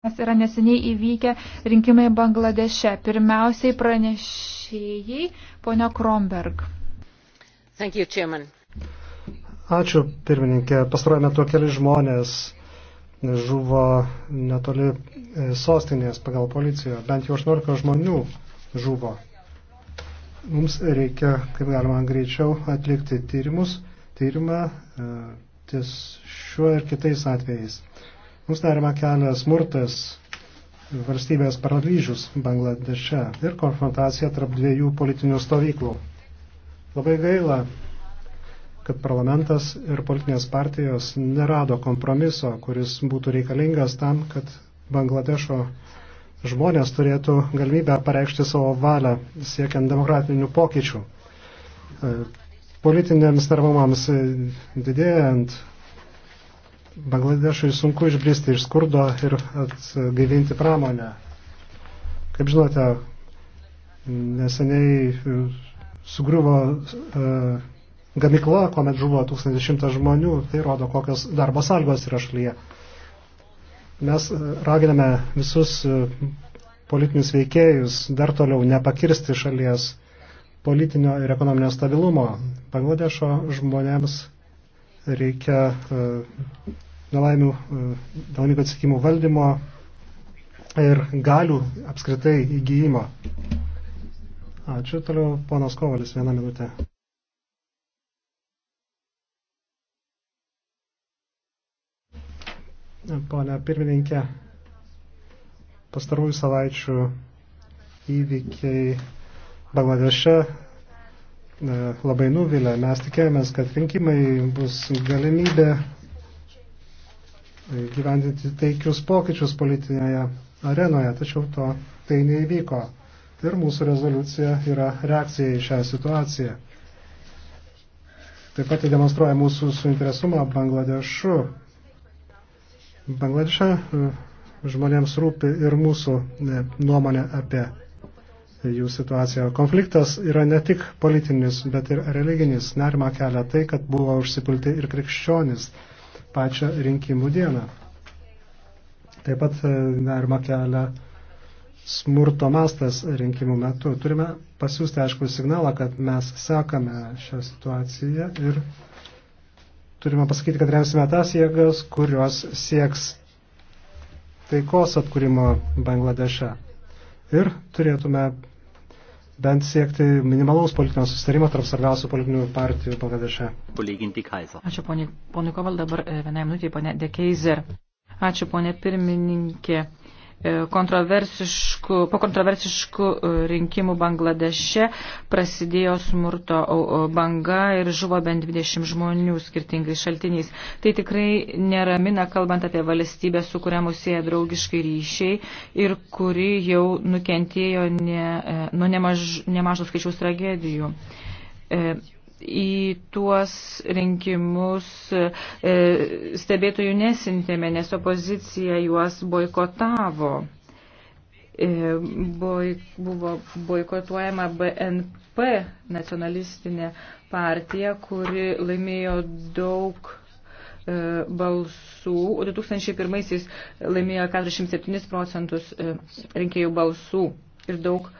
Nes yra neseniai įvykę rinkimai Bangladeše. Pirmiausiai pranešėjai ponia Kromberg. Thank you, chairman. Ačiū, pirmininkė. Pastarojame metu keli žmonės žuvo netoli e, sostinės pagal policiją. Bent jau 18 žmonių žuvo. Mums reikia, kaip galima greičiau, atlikti tyrimus, tyrimą e, ties šiuo ir kitais atvejais. Mums nerima kelia smurtas valstybės paralyžius Bangladeše ir konfrontacija tarp dviejų politinių stovyklų. Labai gaila, kad parlamentas ir politinės partijos nerado kompromiso, kuris būtų reikalingas tam, kad Bangladešo žmonės turėtų galimybę pareikšti savo valią siekiant demokratinių pokyčių. E, politiniams nervumams didėjant Bangladešui sunku išbristi iš skurdo ir atgaivinti pramonę. Kaip žinote, neseniai e, sugriuvo uh, e, gamikla, kuomet žuvo 1100 žmonių, tai rodo, kokios darbo sąlygos yra šalyje. Mes e, raginame visus politinius veikėjus dar toliau nepakirsti šalies politinio ir ekonominio stabilumo. Bangladešo žmonėms reikia uh, nelaimių, e, nelaimingų atsikimų valdymo ir galių apskritai įgyjimo. Ačiū, toliau ponas Kovalis, vieną minutę. Pone pirmininkė, pastarųjų savaičių įvykiai Bangladeše e, labai nuvilia. Mes tikėjomės, kad rinkimai bus galimybė gyvendinti taikius pokyčius politinėje arenoje, tačiau to tai neįvyko. Tai ir mūsų rezoliucija yra reakcija į šią situaciją. Taip pat tai demonstruoja mūsų suinteresumą Bangladešu. Bangladeše e, žmonėms rūpi ir mūsų e, nuomonė apie jų situaciją. Konfliktas yra ne tik politinis, bet ir religinis. Nerima kelia tai, kad buvo užsipulti ir krikščionis pačią rinkimų dieną. Taip pat e, nerima kelia smurto mastas rinkimų metu. Turime pasiūsti aišku signalą, kad mes sekame šią situaciją ir turime pasakyti, kad remsime tas jėgas, kurios sieks taikos atkūrimo Bangladeše. Ir turėtume bent siekti minimalaus politinio sustarimo tarp svarbiausių politinių partijų Bangladeše. Ačiū poniai, ponui Koval, dabar e, vienai minutiai ponė Dekeizer. Ačiū ponė pirmininkė. E, kontroversiškų, po kontroversiškų e, rinkimų Bangladeše prasidėjo smurto banga ir žuvo bent 20 žmonių skirtingais šaltiniais. Tai tikrai neramina, kalbant apie valstybę, su kuria musėja draugiškai ryšiai ir kuri jau nukentėjo ne, e, nuo nemaž, nemažo skaičiaus tragedijų. E, į tuos rinkimus e, stebėtojų nesintėme, nes opozicija juos boikotavo. E, boi, buvo boikotuojama BNP nacionalistinė partija, kuri laimėjo daug e, balsų, o 2001 laimėjo 47 procentus e, rinkėjų balsų ir daug e,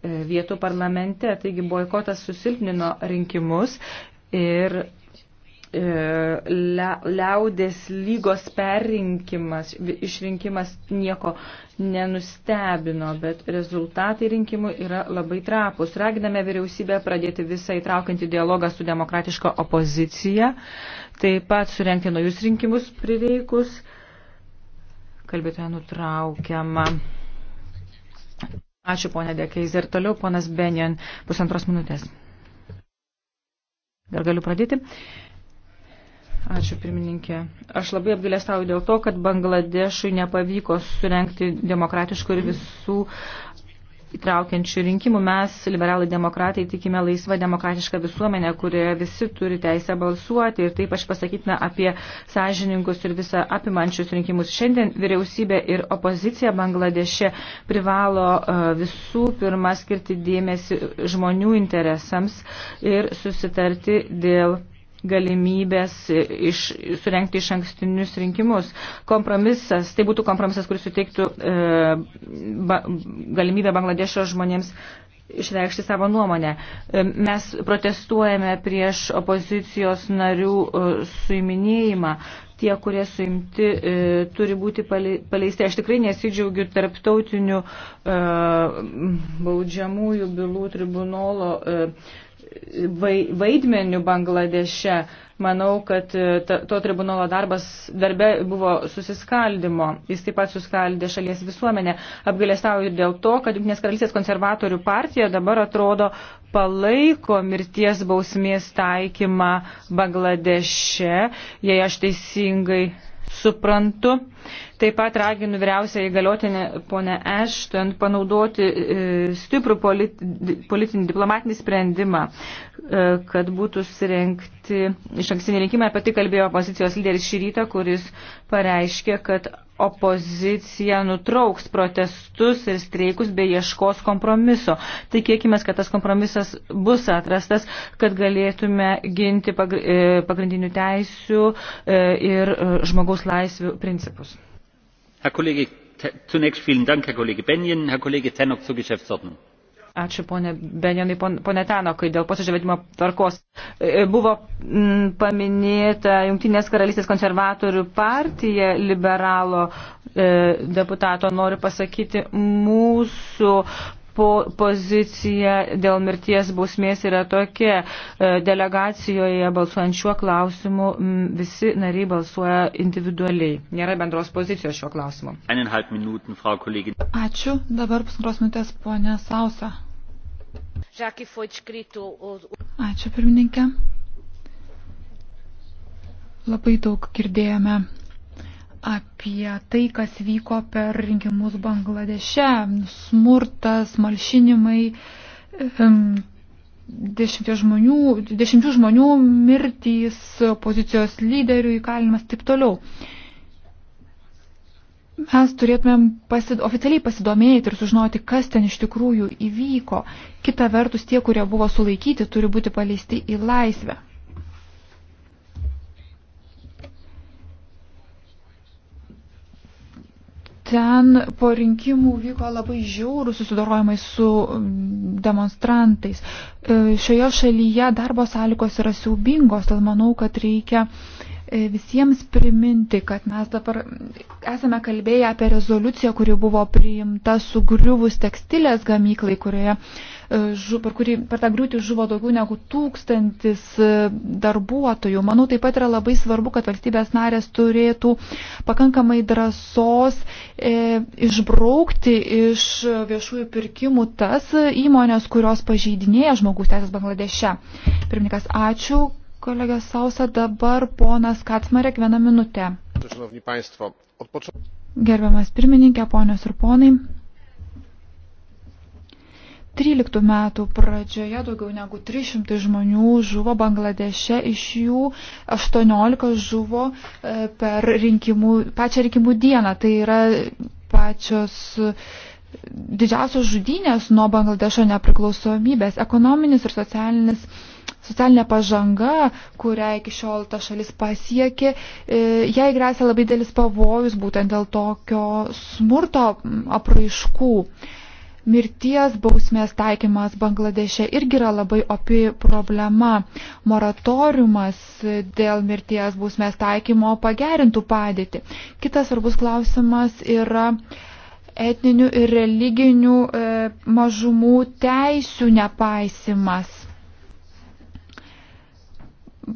E, vietų parlamente. Taigi boikotas susilpnino rinkimus ir e, liaudės lygos perrinkimas, išrinkimas nieko nenustebino, bet rezultatai rinkimų yra labai trapus. Raginame vyriausybę pradėti visą įtraukiantį dialogą su demokratiška opozicija, taip pat surenkti naujus rinkimus prireikus. Kalbėtoja nutraukiama. Ačiū, ponė Dekeis. Ir toliau ponas Benjen, pusantros minutės. Dar galiu pradėti? Ačiū, pirmininkė. Aš labai apgailestauju dėl to, kad Bangladešui nepavyko surenkti demokratiškų ir visų uh, įtraukiančių rinkimų. Mes, liberalai demokratai, tikime laisvą demokratišką visuomenę, kurioje visi turi teisę balsuoti ir taip aš pasakytume apie sąžininkus ir visą apimančius rinkimus. Šiandien vyriausybė ir opozicija Bangladeše privalo e, visų pirma skirti dėmesį žmonių interesams ir susitarti dėl galimybės iš, surenkti iš ankstinius rinkimus. Kompromisas, tai būtų kompromisas, kuris suteiktų e, ba, galimybę Bangladešo žmonėms išreikšti savo nuomonę. E, mes protestuojame prieš opozicijos narių e, suiminėjimą. Tie, kurie suimti, e, turi būti paleisti. Aš tikrai nesidžiaugiu tarptautinių e, baudžiamųjų bylų tribunolo. E, vaidmenių Bangladeše. Manau, kad e, to tribunolo darbas darbe buvo susiskaldimo. Jis taip pat suskaldė šalies visuomenę. Apgalėstauju dėl to, kad Junktinės karalystės konservatorių partija dabar atrodo palaiko mirties bausmės taikymą Bangladeše, jei aš teisingai suprantu. Taip pat raginu vyriausią įgaliotinę ponę Ešton panaudoti e, stiprų politi, politinį diplomatinį sprendimą, e, kad būtų surenkti iš anksinį rinkimą. Apie tai kalbėjo opozicijos lyderis šį rytą, kuris pareiškė, kad opozicija nutrauks protestus ir streikus bei ieškos kompromiso. Tai Tikėkime, kad tas kompromisas bus atrastas, kad galėtume ginti e, pagrindinių teisių e, ir e, žmogaus laisvių principus. Herr Kollege, zunächst vielen Dank, Herr Kollege Benjen. Herr Kollege Tenok zur Geschäftsordnung. Ačiū, ponė Benjanai, ponė Tano, kai dėl posėdžiavėdimo tvarkos e, buvo paminėta Junktinės karalystės konservatorių partija liberalo e, deputato, noriu pasakyti, mūsų po pozicija dėl mirties bausmės yra tokia. E, delegacijoje balsuojant šiuo klausimu visi nariai balsuoja individualiai. Nėra bendros pozicijos šiuo klausimu. Ačiū. Dabar pusantros minutės ponė Sausa. Ačiū pirmininkė. Labai daug girdėjome apie tai, kas vyko per rinkimus Bangladeše. Smurtas, malšinimai, dešimties žmonių, dešimčių žmonių mirtys, pozicijos lyderių įkalinimas ir taip toliau mes turėtumėm pasid oficialiai pasidomėti ir sužinoti, kas ten iš tikrųjų įvyko. Kita vertus, tie, kurie buvo sulaikyti, turi būti paleisti į laisvę. Ten po rinkimų vyko labai žiaurų susidorojimai su demonstrantais. E, šioje šalyje darbo sąlygos yra siaubingos, tad manau, kad reikia uh, E, visiems priminti, kad mes dabar esame kalbėję apie rezoliuciją, kuri buvo priimta sugriuvus tekstilės gamyklai, kurioje, e, per, kurį, per tą griūtį žuvo daugiau negu tūkstantis e, darbuotojų. Manau, taip pat yra labai svarbu, kad valstybės narės turėtų pakankamai drąsos e, išbraukti iš viešųjų pirkimų tas įmonės, kurios pažeidinėja žmogus teisės Bangladeše. Pirmininkas, ačiū. Kolega Sausa, dabar ponas Kacmarek vieną minutę. Gerbiamas pirmininkė, ponios ir ponai. 2013 metų pradžioje daugiau negu 300 žmonių žuvo Bangladeše, iš jų 18 žuvo e, per rinkimų, pačią rinkimų dieną. Tai yra pačios e, didžiausios žudynės nuo Bangladešo nepriklausomybės. Ekonominis ir socialinis Socialinė pažanga, kurią iki šiol ta šalis pasiekė, e, jai grėsia labai dėlis pavojus būtent dėl tokio smurto apraiškų. Mirties bausmės taikymas Bangladeše irgi yra labai opi problema. Moratoriumas dėl mirties bausmės taikymo pagerintų padėtį. Kitas svarbus klausimas yra etninių ir religinių e, mažumų teisių nepaisimas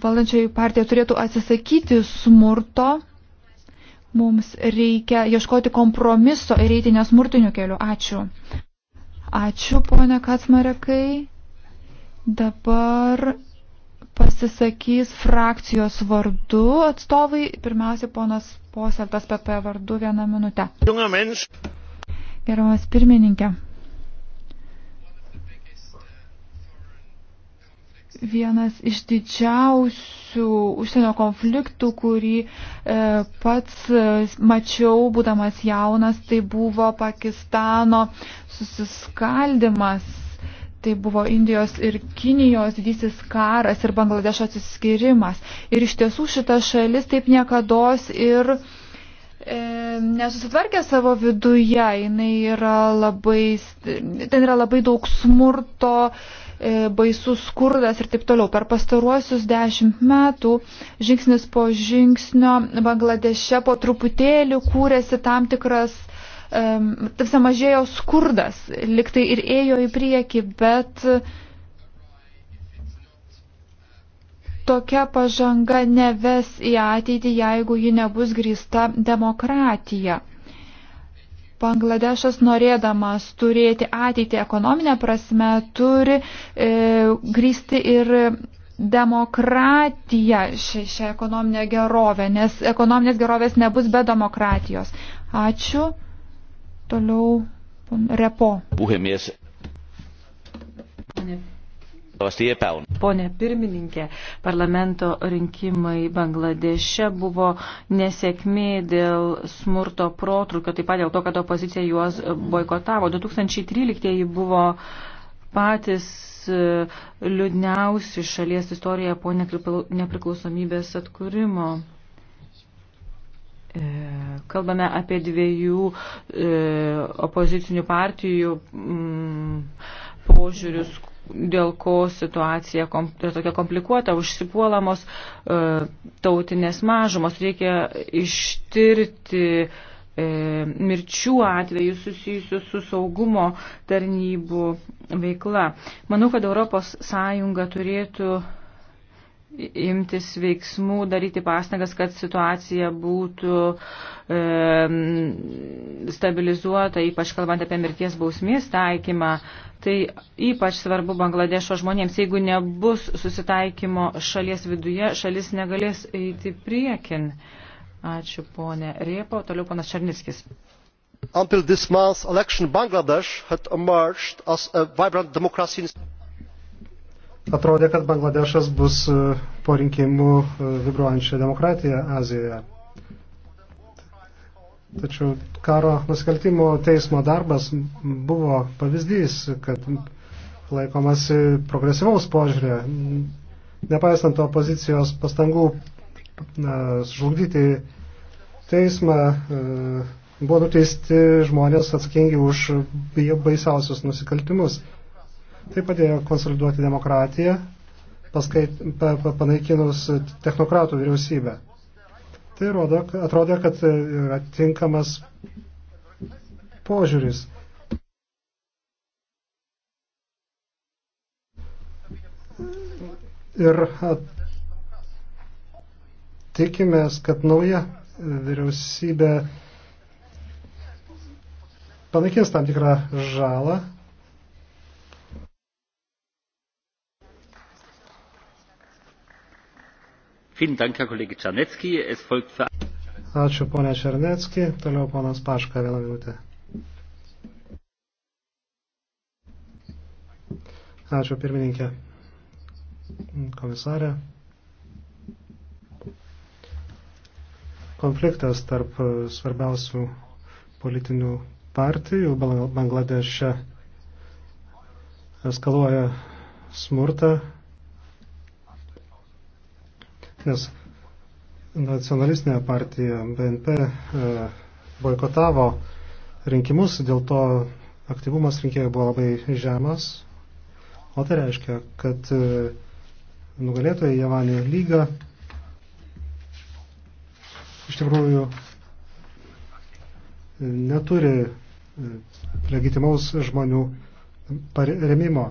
valdančioji partija turėtų atsisakyti smurto. Mums reikia ieškoti kompromiso ir eiti nesmurtiniu keliu. Ačiū. Ačiū, ponia Kacmarekai. Dabar pasisakys frakcijos vardu atstovai. Pirmiausia, ponas Poseltas PP vardu vieną minutę. Gerbiamas pirmininkė. vienas iš didžiausių užsienio konfliktų, kurį e, pats e, mačiau, būdamas jaunas, tai buvo Pakistano susiskaldimas. Tai buvo Indijos ir Kinijos didysis karas ir Bangladešo atsiskirimas. Ir iš tiesų šita šalis taip niekada ir e, nesusitvarkė savo viduje, jinai yra labai, ten yra labai daug smurto, E, baisus skurdas ir taip toliau. Per pastaruosius dešimt metų žingsnis po žingsnio Bangladeše po truputėlį kūrėsi tam tikras, tarsi mažėjo skurdas, liktai ir ėjo į priekį, bet tokia pažanga neves į ateitį, jeigu ji nebus grįsta demokratija. Bangladešas norėdamas turėti ateitį ekonominę prasme turi e, grįsti ir demokratiją šią ekonominę gerovę, nes ekonominės gerovės nebus be demokratijos. Ačiū. Toliau repo. Puhemies. Pane Pone pirmininkė, parlamento rinkimai Bangladeše buvo nesėkmė dėl smurto protrukio, taip pat dėl to, kad opozicija juos boikotavo. 2013 buvo patys e, liūdniausi šalies istorija po nepriklausomybės atkūrimo. E, kalbame apie dviejų e, opozicinių partijų mm, požiūrius, dėl ko situacija kom, yra tokia komplikuota, užsipuolamos e, tautinės mažumos. Reikia ištirti e, mirčių atvejus susijusius su saugumo tarnybų veikla. Manau, kad ES turėtų imtis veiksmų, daryti pastangas, kad situacija būtų e, stabilizuota, ypač kalbant apie mirties bausmės taikymą. Tai ypač svarbu Bangladešo žmonėms, jeigu nebus susitaikymo šalies viduje, šalis negalės eiti priekin. Ačiū ponė Riepo, toliau ponas Černickis. Until this month's election, Bangladesh had emerged as a vibrant democracy. In Atrodė, kad Bangladešas bus e, po rinkimų e, vibruojančia demokratija Azijoje. Tačiau karo nusikaltimo teismo darbas buvo pavyzdys, kad laikomasi progresyvaus požiūrė, nepaisant opozicijos pastangų žlugdyti teismą, e, buvo nuteisti žmonės atsakingi už baisiausius nusikaltimus. Tai padėjo konsoliduoti demokratiją, paskait, pa, pa, panaikinus technokratų vyriausybę. Tai rodo, atrodo, kad yra tinkamas požiūris. Ir at, tikimės, kad nauja vyriausybė panaikins tam tikrą žalą Ačiū, ponė Černecki. Toliau ponas Paška, vieną minutę. Ačiū, pirmininkė. Komisarė. Konfliktas tarp svarbiausių politinių partijų Bangladeše eskaluoja smurtą nes nacionalistinė partija BNP e, boikotavo rinkimus, dėl to aktyvumas rinkėjų buvo labai žemas, o tai reiškia, kad e, nugalėtojai Javanė lyga iš tikrųjų e, neturi legitimaus žmonių remimo.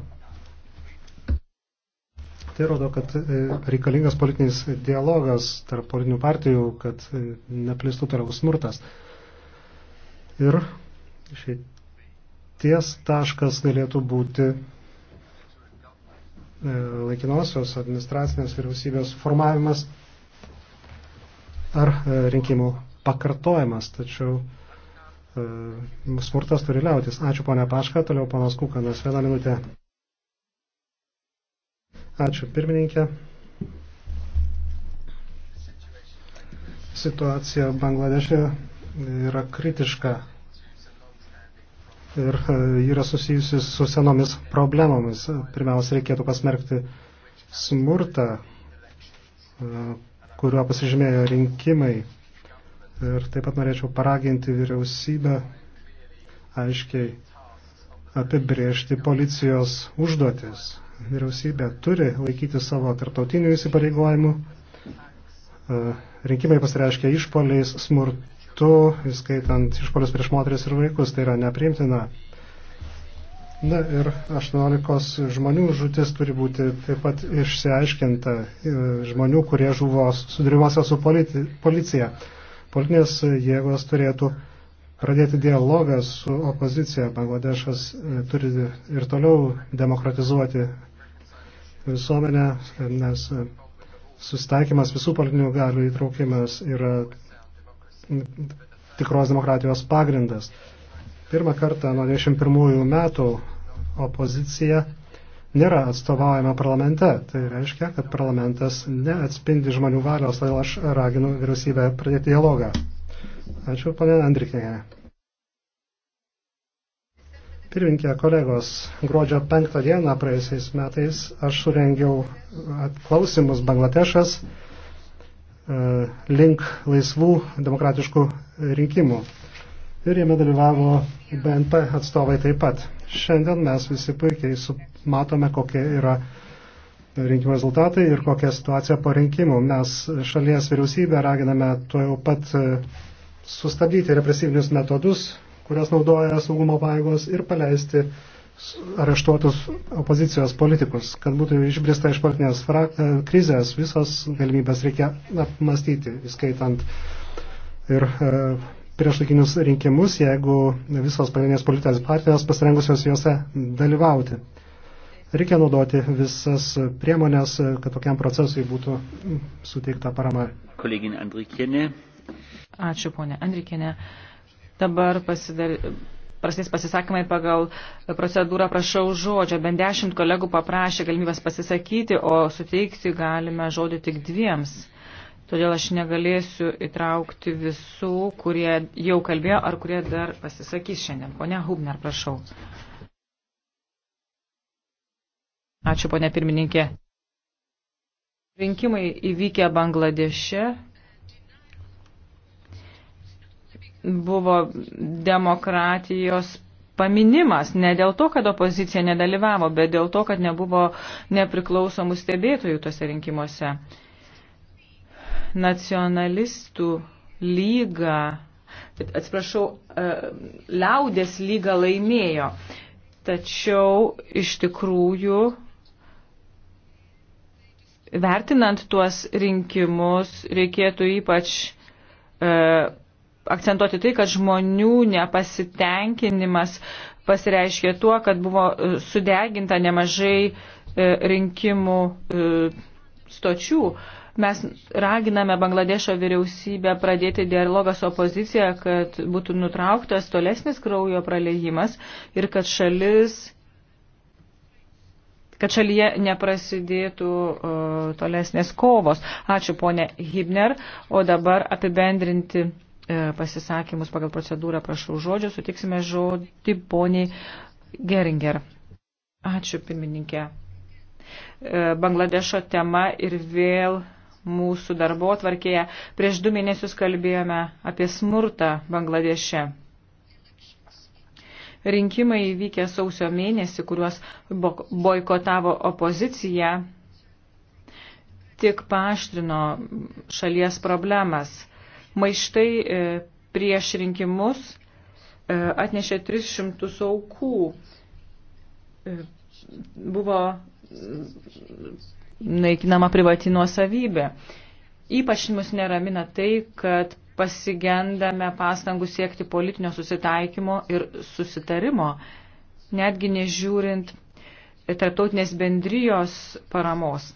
Tai rodo, kad e, reikalingas politinis dialogas tarp politinių partijų, kad e, neplistų toliau smurtas. Ir ties taškas galėtų būti e, laikinosios administracinės vyriausybės formavimas ar rinkimų pakartojimas, tačiau smurtas turi liautis. Ačiū ponia Paška, toliau ponas Kukanas, vieną minutę. Ačiū pirmininkė. Situacija Bangladeše yra kritiška ir e, yra susijusi su senomis problemomis. Pirmiausia, reikėtų pasmerkti smurtą, e, kuriuo pasižymėjo rinkimai. Ir taip pat norėčiau paraginti vyriausybę aiškiai apibriežti policijos užduotis vyriausybė turi laikyti savo tarptautinių įsipareigojimų. E, rinkimai pasireiškia išpoliais, smurtu, įskaitant išpolius prieš moteris ir vaikus, tai yra nepriimtina. Na ir 18 žmonių žūtis turi būti taip pat išsiaiškinta, e, žmonių, kurie žuvo sudarimuose su politi, policija. Politinės jėgos turėtų pradėti dialogą su opozicija. Bangladešas e, turi ir toliau demokratizuoti visuomenę, nes susitaikymas visų politinių galių įtraukimas yra tikros demokratijos pagrindas. Pirmą kartą nuo 21 metų opozicija nėra atstovaujama parlamente. Tai reiškia, kad parlamentas neatspindi žmonių valios, todėl aš raginu vyriausybę pradėti dialogą. Ačiū, ponė Andrikėje. Pirminkė, kolegos, gruodžio penktą dieną praėjusiais metais aš surengiau klausimus Bangladešas e, link laisvų demokratiškų rinkimų. Ir jame dalyvavo BNP atstovai taip pat. Šiandien mes visi puikiai matome, kokie yra rinkimų rezultatai ir kokia situacija po rinkimų. Mes šalies vyriausybę raginame tuo jau pat e, sustabdyti represyvinius metodus, kurias naudoja saugumo paėgos ir paleisti areštuotus opozicijos politikus. Kad būtų išbrista iš politinės e, krizės, visos galimybės reikia apmastyti, įskaitant ir e, priešlaikinius rinkimus, jeigu visos pagrindinės politinės partijos pasirengusios juose dalyvauti. Reikia naudoti visas priemonės, kad tokiam procesui būtų suteikta parama. Kolegin Andrikienė. Ačiū, ponė Andrikienė. Dabar pasidar... prasidės pasisakymai pagal procedūrą prašau žodžio. Bent dešimt kolegų paprašė galimybės pasisakyti, o suteikti galime žodį tik dviems. Todėl aš negalėsiu įtraukti visų, kurie jau kalbėjo ar kurie dar pasisakys šiandien. Pone Hubner, prašau. Ačiū, ponė pirmininkė. Rinkimai įvykę Bangladeše buvo demokratijos paminimas, ne dėl to, kad opozicija nedalyvavo, bet dėl to, kad nebuvo nepriklausomų stebėtojų tose rinkimuose. Nacionalistų lyga, atsiprašau, e, liaudės lyga laimėjo, tačiau iš tikrųjų vertinant tuos rinkimus reikėtų ypač e, akcentuoti tai, kad žmonių nepasitenkinimas pasireiškė tuo, kad buvo e, sudeginta nemažai e, rinkimų e, stočių. Mes raginame Bangladešo vyriausybę pradėti dialogą su opozicija, kad būtų nutrauktas tolesnis kraujo praleidimas ir kad šalis kad šalyje neprasidėtų uh, tolesnės kovos. Ačiū ponė Hibner, o dabar apibendrinti E, pasisakymus pagal procedūrą prašau žodžio, sutiksime žodį poniai Geringer. Ačiū, pirmininkė. E, Bangladešo tema ir vėl mūsų darbo atvarkėje. Prieš du mėnesius kalbėjome apie smurtą Bangladeše. Rinkimai įvykę sausio mėnesį, kuriuos boikotavo opozicija, tik paaštrino šalies problemas Maištai e, prieš rinkimus e, atnešė 300 aukų. E, buvo naikinama privati nuosavybė. Ypač mus neramina tai, kad pasigendame pastangų siekti politinio susitaikymo ir susitarimo, netgi nežiūrint tarptautinės bendrijos paramos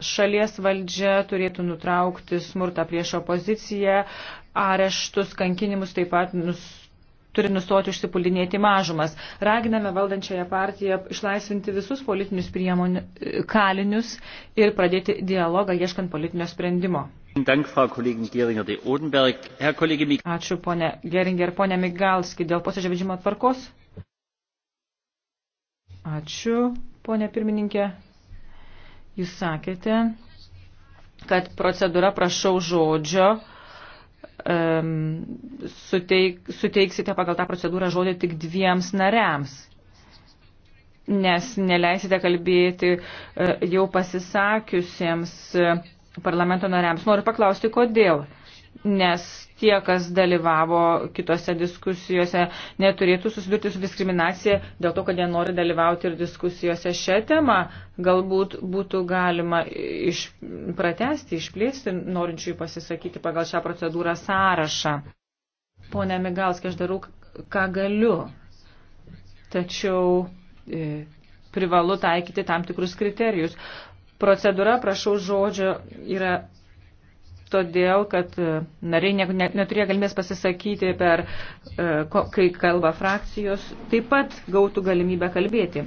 šalies valdžia turėtų nutraukti smurtą prieš opoziciją, areštus, kankinimus taip pat nus, turi nustoti užsipulinėti mažumas. Raginame valdančiąją partiją išlaisvinti visus politinius priemonių kalinius ir pradėti dialogą ieškant politinio sprendimo. Ačiū ponė Geringer, ponė Migalski, dėl posėdžio vedžimo tvarkos. Ačiū, ponė pirmininkė. Jūs sakėte, kad procedūra prašau žodžio suteik, suteiksite pagal tą procedūrą žodį tik dviems nariams, nes neleisite kalbėti e, jau pasisakiusiems e, parlamento nariams. Noriu paklausti, kodėl? nes tie, kas dalyvavo kitose diskusijose, neturėtų susidurti su diskriminacija dėl to, kad jie nori dalyvauti ir diskusijose šią temą. Galbūt būtų galima iš, pratesti, išplėsti norinčių pasisakyti pagal šią procedūrą sąrašą. Pone Migalskė, aš darau, ką galiu. Tačiau e, privalu taikyti tam tikrus kriterijus. Procedūra, prašau žodžio, yra todėl, kad e, nariai neturėjo galimės pasisakyti per, e, kai kalba frakcijos, taip pat gautų galimybę kalbėti.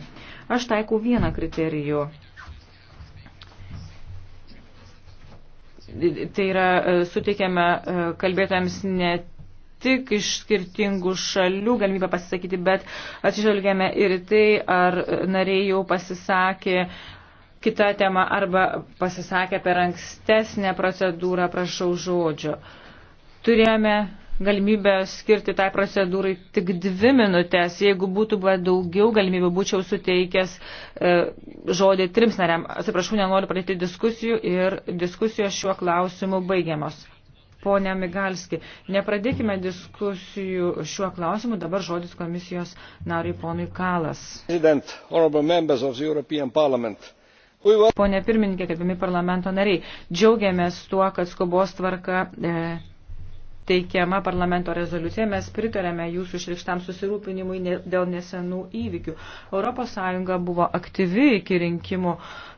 Aš taikau vieną kriterijų. Tai yra, e, suteikiame kalbėtojams ne tik iš skirtingų šalių galimybę pasisakyti, bet atsižvelgiame ir tai, ar nariai jau pasisakė kitą temą arba pasisakė per ankstesnę procedūrą, prašau žodžio. Turėjome galimybę skirti tai procedūrai tik dvi minutės. Jeigu būtų buvę daugiau galimybių, būčiau suteikęs e, žodį trims nariam. Atsiprašau, nenoriu pradėti diskusijų ir diskusijos šiuo klausimu baigiamos. Pone Migalski, nepradėkime diskusijų šiuo klausimu, dabar žodis komisijos nariui ponui Kalas. President, Pone pirmininkė, gerbimi parlamento nariai, džiaugiamės tuo, kad skubos tvarka e, teikiama parlamento rezoliucija. Mes pritarėme jūsų išrikštam susirūpinimui dėl nesenų įvykių. ES buvo aktyvi iki rinkimų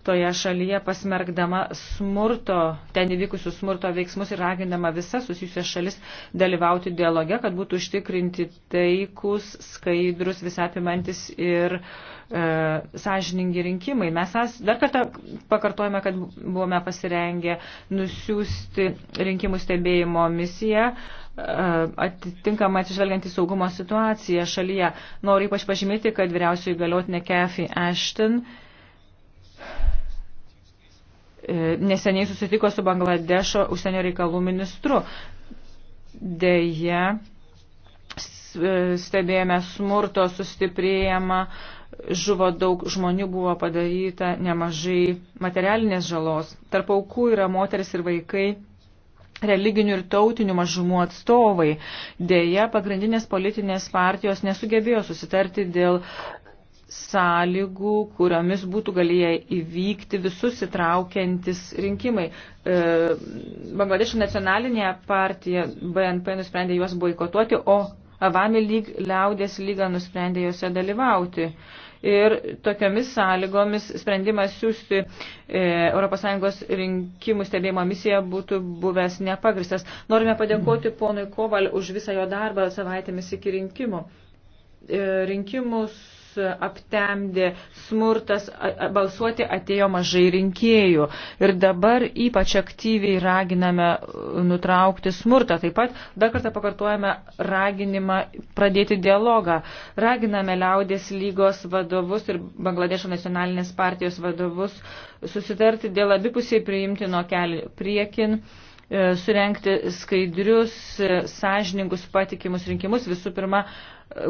toje šalyje, pasmergdama smurto, ten įvykusių smurto veiksmus ir ragindama visas susijusias šalis dalyvauti dialoge, kad būtų užtikrinti taikus, skaidrus, visapimantis ir uh, E, sąžiningi rinkimai. Mes dar kartą pakartojame, kad buvome pasirengę nusiųsti rinkimų stebėjimo misiją e, atitinkamai atsižvelgiant į saugumo situaciją šalyje. Noriu ypač pažymėti, kad vyriausiųjų galiotinė Kathy Ashton e, neseniai susitiko su Bangladešo užsienio reikalų ministru. Deja, E, stebėjome smurto sustiprėjimą, žuvo daug žmonių, buvo padaryta nemažai materialinės žalos. Tarp aukų yra moteris ir vaikai religinių ir tautinių mažumų atstovai. Deja, pagrindinės politinės partijos nesugebėjo susitarti dėl sąlygų, kuriomis būtų galėję įvykti visus įtraukiantis rinkimai. E, Bangladešo nacionalinė partija BNP nusprendė juos boikotuoti, o Avami lyg liaudės lyga nusprendė juose dalyvauti. Ir tokiamis sąlygomis sprendimas siūsti e, ES rinkimų stebėjimo misiją būtų buvęs nepagristas. Norime padėkoti ponui Koval už visą jo darbą savaitėmis iki rinkimų. E, rinkimus aptemdė smurtas, balsuoti atėjo mažai rinkėjų. Ir dabar ypač aktyviai raginame uh, nutraukti smurtą. Taip pat dar kartą pakartojame raginimą pradėti dialogą. Raginame liaudės lygos vadovus ir Bangladešo nacionalinės partijos vadovus susitarti dėl abipusiai priimtino kelių priekin uh, surenkti skaidrius, uh, sąžiningus, patikimus rinkimus. Visų pirma,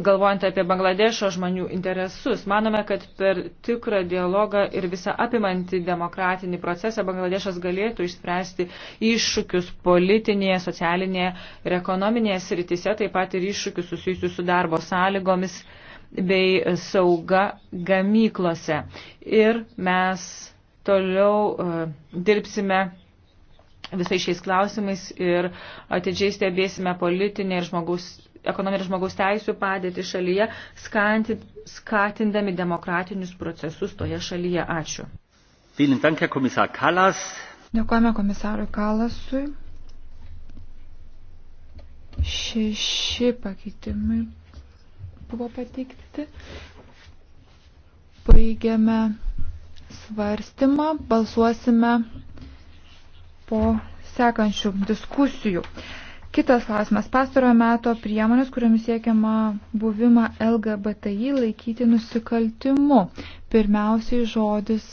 galvojant apie Bangladešo žmonių interesus. Manome, kad per tikrą dialogą ir visą apimantį demokratinį procesą Bangladešas galėtų išspręsti iššūkius politinėje, socialinėje ir ekonominėje sritise, taip pat ir iššūkius susijusius su darbo sąlygomis bei sauga gamyklose. Ir mes toliau uh, dirbsime visais šiais klausimais ir atidžiai stebėsime politinę ir žmogaus ekonominės žmogaus teisų padėti šalyje, skatindami demokratinius procesus toje šalyje. Ačiū. Dėkojame komisarui Kalasui. Šeši pakeitimai buvo pateikti. Baigiame svarstymą, balsuosime po sekančių diskusijų. Kitas klausimas. Pastarojo meto priemonės, kuriomis siekiama buvimą LGBTI laikyti nusikaltimu. Pirmiausiai žodis